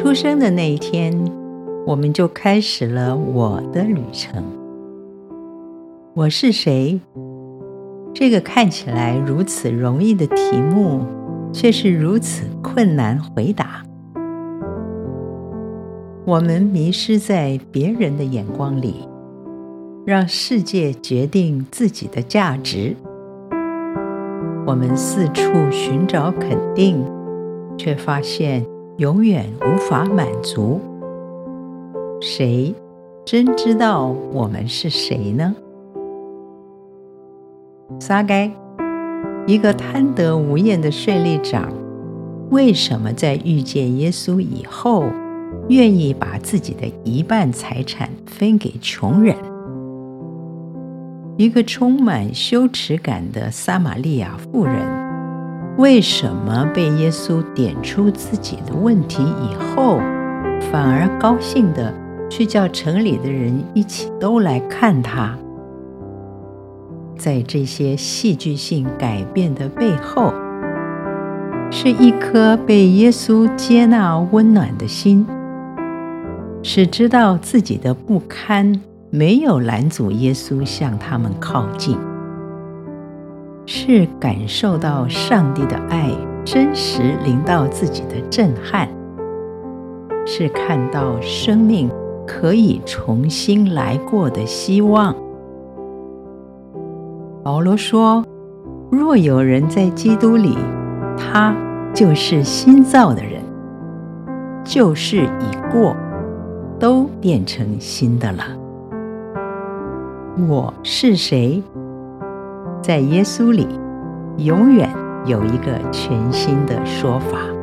出生的那一天，我們就開始了我的旅程。我是誰？這個看起來如此容易的題目，卻是如此困難回答。我們迷失在別人的眼光裡，讓世界決定自己的價值。我們四處尋找肯定，卻發現。永遠無法滿足。誰真知道我們是誰呢？撒該，一個貪得無厭的稅吏長，為什麼在遇見耶穌以後，願意把自己的一半財產分給窮人？一個充滿羞恥感的撒瑪利亞婦人。為什麼被耶穌點出自己的問題以後，反而高興地去叫城裡的人一起都來看他？在這些戲劇性改變的背後，是一顆被耶穌接納溫暖的心，是知道自己的不堪，沒有攔阻耶穌向他們靠近。是感受到上帝的愛，真實臨到自己的震撼；是看到生命可以重新來過的希望。保羅說：“若有人在基督裡，他就是新造的人，舊事已過，都變成新的了。”我是誰？在耶穌裡，永遠有一個全新的說法。